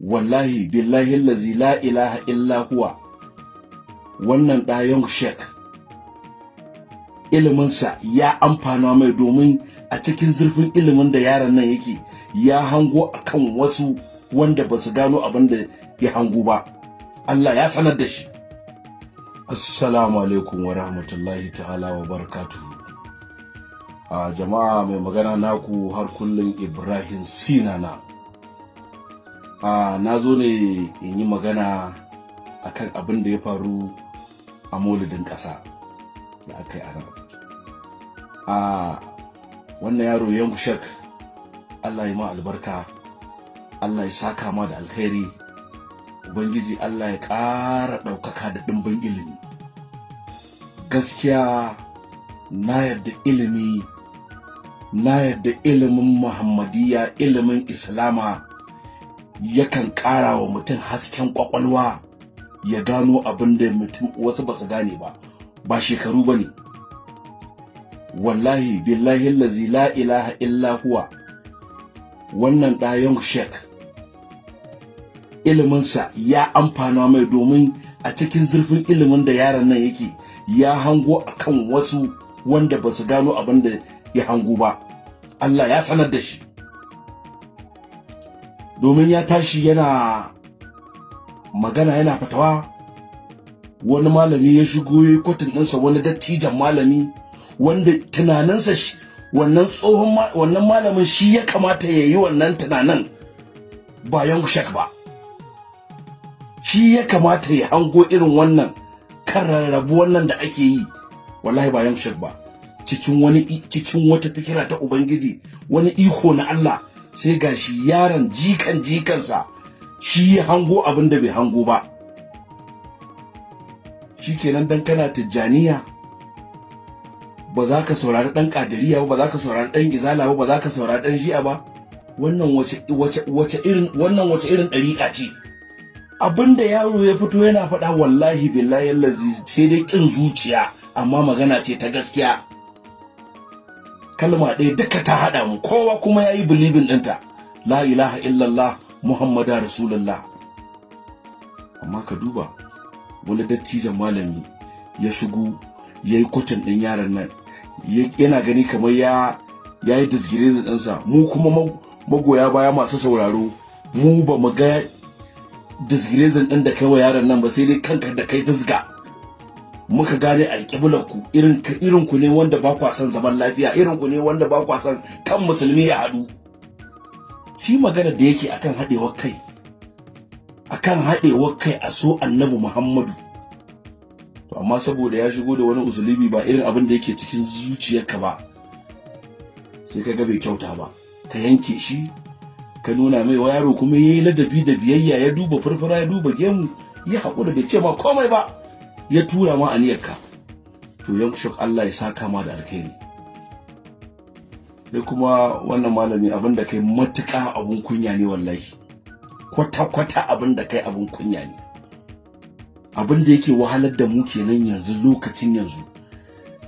wallahi billahi lazi la ilaha illa huwa wannan ɗayan shek iliminsa ya amfana mai domin a cikin zurfin ilimin da yaran nan yake ya hango akan wasu wanda ba su gano abin da ya hango ba Allah ya sanar da shi assalamu alaikum wa rahmatullahi ta'ala wa barakatu a jama'a mai magana naku har kullum ibrahim sinana a na zo ne in yi magana a kan abin da ya faru a molidin ƙasa da aka yi a a wannan yaro yan shak allah ya ma albarka allah ya saka ma da alkhairi ubangiji allah ya ƙara ɗaukaka da ɗimbin ilimi gaskiya na yadda ilimi na yadda ilimin muhammadiyya ilimin islama yakan ƙara wa mutum hasken ƙwaƙwalwa ya gano abin da mutum wasu ba su gane ba ba shekaru bane. wallahi billahi lazi la ilaha illa huwa wannan ɗayan shek iliminsa ya amfana mai domin a cikin zurfin ilimin da yaran nan yake ya hango akan wasu wanda ba su gano abin da ya hango ba Allah ya sanar da shi domin ya tashi yana magana yana fitawa, wani malami ya shigo ya kwatin ɗinsa wani dattijan malami wanda tunaninsa wannan tsohon wannan malamin shi ya kamata ya yi wannan tunanin ba shak ba shi ya kamata ya hango irin wannan kararrabu wannan da ake yi wallahi ba shak ba cikin wani cikin wata fikira ta ubangiji wani iko na Allah sai ga shi yaron jikan jikansa shi hango abin da bai hango ba Shi shikenan dan kana tijjaniya ba za ka saurari dan kadiriya ba za ka saurari dan gizala ba ba za ka saurari dan shi'a ba wannan wace wace wace irin wannan wace irin dariƙa ce abinda yaro ya fito yana faɗa wallahi billahi lazi sai dai kin zuciya amma magana ce ta gaskiya kalma ɗaya duka ta haɗa mu kowa kuma ya yi bilibin ɗinta la ilaha illallah muhammada rasulullah amma ka duba wani dattijan malami ya shigo ya yi kwatan ɗin yaran nan yana gani kamar ya ya yi disgire da ɗansa mu kuma magoya baya masu sauraro mu ba mu ga da ɗin da kai wa yaran nan ba sai dai kanka da kai dizga muka gane alƙiblar ku irin irin ku ne wanda ba kwa son zaman lafiya irin ku ne wanda ba kwa son kan musulmi ya haɗu shi magana da yake akan haɗewar kai akan hadewar kai a so annabi muhammadu to amma saboda ya shigo da wani usulubi ba irin abin da yake cikin zuciyarka ba sai ka ga bai kyauta ba ka yanke shi ka nuna mai wa yaro kuma yayi ladabi da biyayya ya duba furfura ya duba gemu ya haƙura da ce ma komai ba ya tura ma aniyarka to yamshuk Allah ya saka ma da alkhairi sai kuma wannan malami abin da kai matuƙa abun kunya ne wallahi kwata-kwata abin da kai abin kunya ne abin da yake wahalar da mu kenan yanzu lokacin yanzu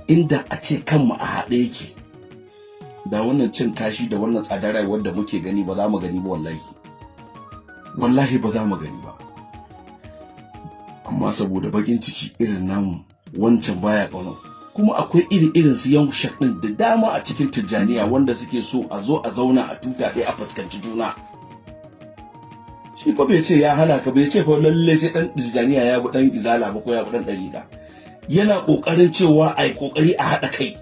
inda a ce kanmu a haɗe yake da wannan cin kashi da wannan tsadar rayuwar da muke gani ba za mu gani ba wallahi wallahi ba za mu gani ba amma saboda bakin ciki irin namu wancan baya ƙaunar kuma akwai iri irin su yan ɗin da dama a cikin tijjaniya wanda suke so a zo a zauna a tuta ɗaya a fuskanci juna shi ko bai ce ya hana ka bai ce fa lalle sai dan tijjaniya ya bi dan izala ba ko ya bu dan ɗariƙa yana kokarin cewa a yi ƙoƙari a haɗa kai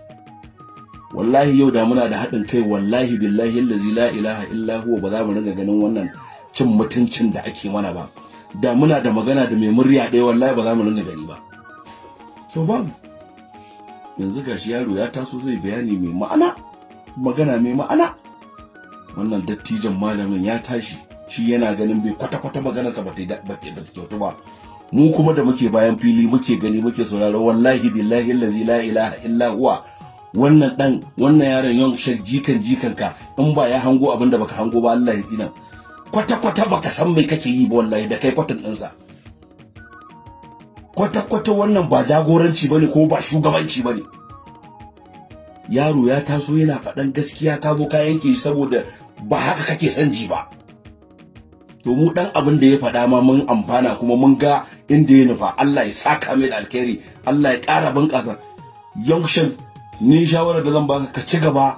wallahi yau da muna da haɗin kai wallahi billahi allazi la ilaha illa huwa ba za mu ringa ganin wannan cin mutuncin da ake mana ba da muna da magana da mai murya ɗaya wallahi ba za mu ringa gani ba to babu yanzu gashi yaro ya taso zai bayani mai ma'ana magana mai ma'ana wannan dattijan malamin ya tashi shi yana ganin bai kwata-kwata maganarsa ba ta kyautu ba mu kuma da muke bayan fili muke gani muke sauraro wallahi billahi allazi la ilaha illa huwa wannan dan wannan yaron yan shar jikan jikan ka in ba ya hango abinda baka hango ba Allah ya tsina kwata-kwata baka san mai kake yi ba wallahi da kai kwatan ɗinsa kwata-kwata wannan ba jagoranci bane ko ba shugabanci bane yaro ya taso yana faɗan gaskiya ka zo ka yanke saboda ba haka kake san ji ba to mu dan abin da ya faɗa ma mun amfana kuma mun ga inda ya nufa Allah ya saka mai da alkhairi Allah ya ƙara bunƙasa yaushe ni shawarar da zan baka ka ci gaba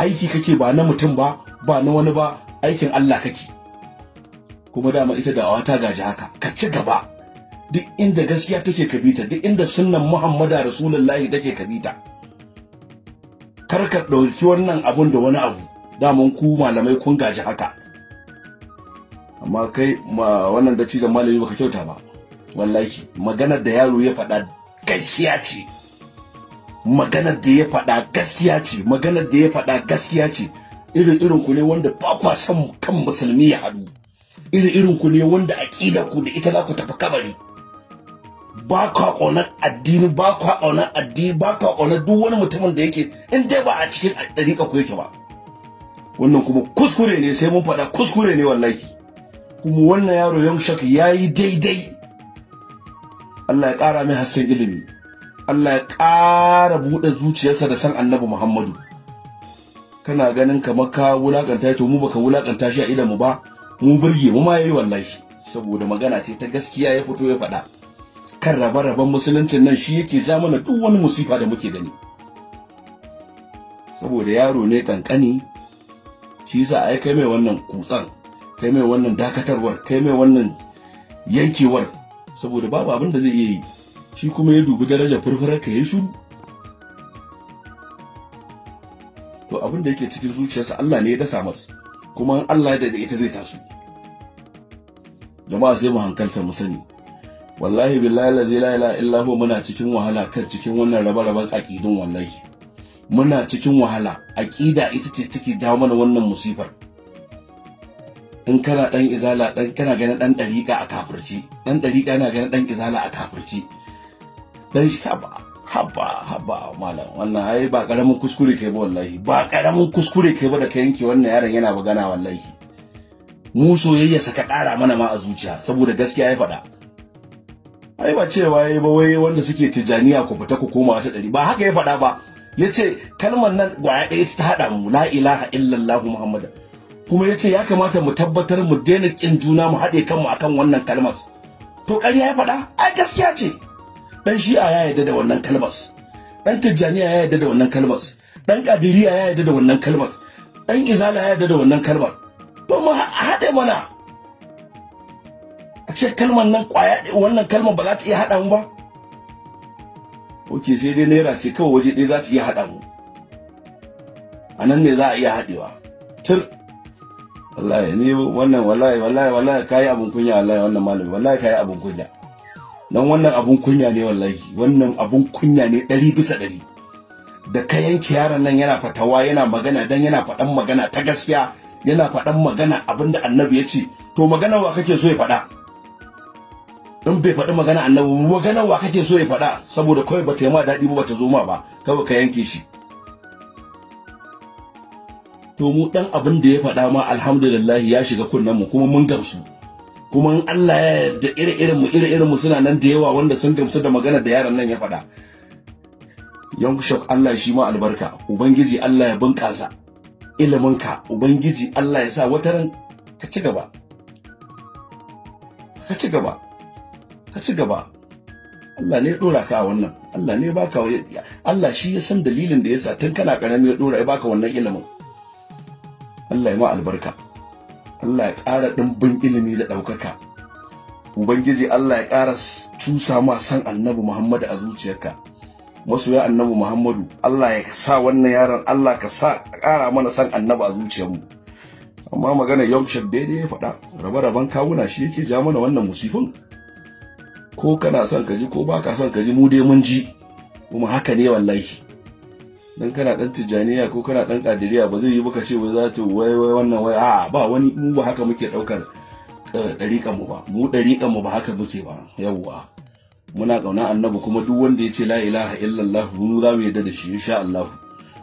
aiki kake ba na mutum ba ba na wani ba aikin Allah kake kuma dama ita da ta gaji haka ka ci gaba duk inda gaskiya take kabita duk inda sunnan Muhammadu Rasulullahi take kabita kar ka ɗauki wannan abun da wani abu daman ku malamai kun gaji haka amma kai ma wannan da cizon malami baka kyauta ba wallahi maganar da yaro ya faɗa gaskiya ce maganar da ya faɗa gaskiya ce maganar da ya faɗa gaskiya ce irin irin ku ne wanda ba kwa son kan musulmi ya haɗu irin irin ku ne wanda aƙida ku da ita za ku tafi kabari ba kwa ƙaunar addini ba kwa ƙaunar addini ba kwa ƙaunar duk wani mutumin da yake in dai ba a cikin ɗariƙa ku yake ba wannan kuma kuskure ne sai mun faɗa kuskure ne wallahi kuma wannan yaro yan shaka ya yi daidai Allah ya ƙara mai hasken ilimi Allah ya ƙara buɗe zuciyarsa da san annabi Muhammadu kana ganin kamar ka wulakanta to mu baka wulakanta shi a idan mu ba mu burge mu ma yayi wallahi saboda magana ce ta gaskiya ya fito ya faɗa kan raba raben musuluncin nan shi yake ja mana duk wani musifa da muke gani saboda yaro ne kankani shi yasa ai kai mai wannan kutsan kai mai wannan dakatarwar kai mai wannan yankewar saboda babu abin da zai iya yi shi kuma ya dubi darajar furfurar ka ya shuru to abin da yake cikin zuciyarsa Allah ne ya dasa masa kuma Allah da ita zai taso jama'a sai mu hankalta mu sani wallahi billahi la ilaha illa huwa muna cikin wahala kan cikin wannan raba-raban aqidun wallahi muna cikin wahala aqida ita ce take jawo mana wannan musibar in kana dan izala dan kana ganin dan dariƙa a kafirci dan dariƙa yana ganin dan izala a kafirci dan shi haba haba malam wannan ai ba karamin kuskure kai ba wallahi ba karamin kuskure kai ba da ka yanke wannan yaron yana magana wallahi mu soyayya saka kara mana ma a zuciya saboda gaskiya ya faɗa ai ba cewa yayi ba wai wanda suke tijaniya ku fita ku koma wata ɗari ba haka ya faɗa ba yace kalmar nan gwaya ɗaya ta haɗa mu la ilaha illallah muhammad kuma yace ya kamata mu tabbatar mu daina kin juna mu haɗe kanmu akan wannan kalmar to ƙarya ya faɗa ai gaskiya ce dan shi'a ya yarda da wannan kalmas dan tijjaniya ya yarda da wannan kalmas dan kadiriya ya yarda da wannan kalmas dan izala ya yarda da wannan kalmar to mu haɗe mana a ce kalmar nan kwaya wannan kalmar ba za ta iya haɗa mu ba oke sai dai naira ce kawai waje ɗaya za ta iya haɗa mu a nan ne za a iya haɗewa tur wallahi ni wannan wallahi wallahi wallahi kayi abin kunya wallahi wannan malami wallahi kayi abin kunya dan wannan abun kunya ne wallahi wannan abun kunya ne ɗari bisa ɗari da ka yanke yaron nan yana fatawa yana magana dan yana faɗan magana ta gaskiya yana faɗan magana abinda annabi ya ce to magana wa kake so ya faɗa in bai faɗi magana annabi magana wa kake so ya faɗa saboda kawai bata yi ma daɗi ba bata zo ma ba kawai ka yanke shi to mu ɗan abin da ya faɗa ma alhamdulillah ya shiga kunnen mu kuma mun gamsu kuma Allah ya da ire-iren mu ire-iren mu suna nan da yawa wanda sun gamsu da magana da yaron nan ya faɗa shock Allah shi ma albarka ubangiji Allah ya bunƙasa iliminka ubangiji Allah ya sa wata ran ka ci gaba ka ci gaba ka ci gaba Allah ne ya dora ka a wannan Allah ne baka Allah shi ya san dalilin da yasa tun kana karami ya dora ya baka wannan ilimin Allah ya ma albarka Allah ya ƙara ɗimbin ilimi da ɗaukaka ubangiji Allah ya ƙara cusa ma san annabi Muhammadu a zuciyarka masoya annabi Muhammadu Allah ya sa wannan yaron Allah ka sa ƙara mana san annabi a zuciyarmu amma magana Yorkshire daidai ya faɗa rabe-raben kawuna shi yake ja mana wannan musifin ko kana son ka ji ko baka son ka ji mu dai mun ji kuma haka ne wallahi dan kana dan Tijaniya ko kana dan kadiriya ba zai yi maka ce za ta wai wai wannan wai a ba wani mu ba haka muke daukar dariƙan eh, mu ba mu dariƙan mu ba haka muke ba yawwa muna kauna annabi kuma duk wanda ya ce la ilaha illallah mu za mu yarda da shi insha Allah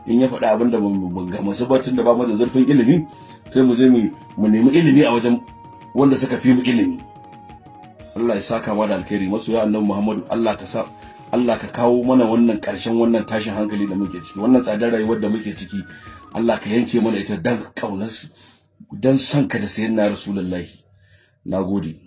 in ya faɗa abin da ban ga masu batun da ba mu da zurfin ilimi sai mu je mu nemi ilimi a wajen wanda suka fi mu ilimi Allah ya saka mu da alkhairi masoya annabi Muhammadu Allah ka sa Allah ka kawo mana wannan ƙarshen wannan tashin hankali da muke ciki wannan tsadar rayuwar da muke ciki Allah ka yanke mana ita dan kaunar dan sanka da sayyidina rasulullahi nagode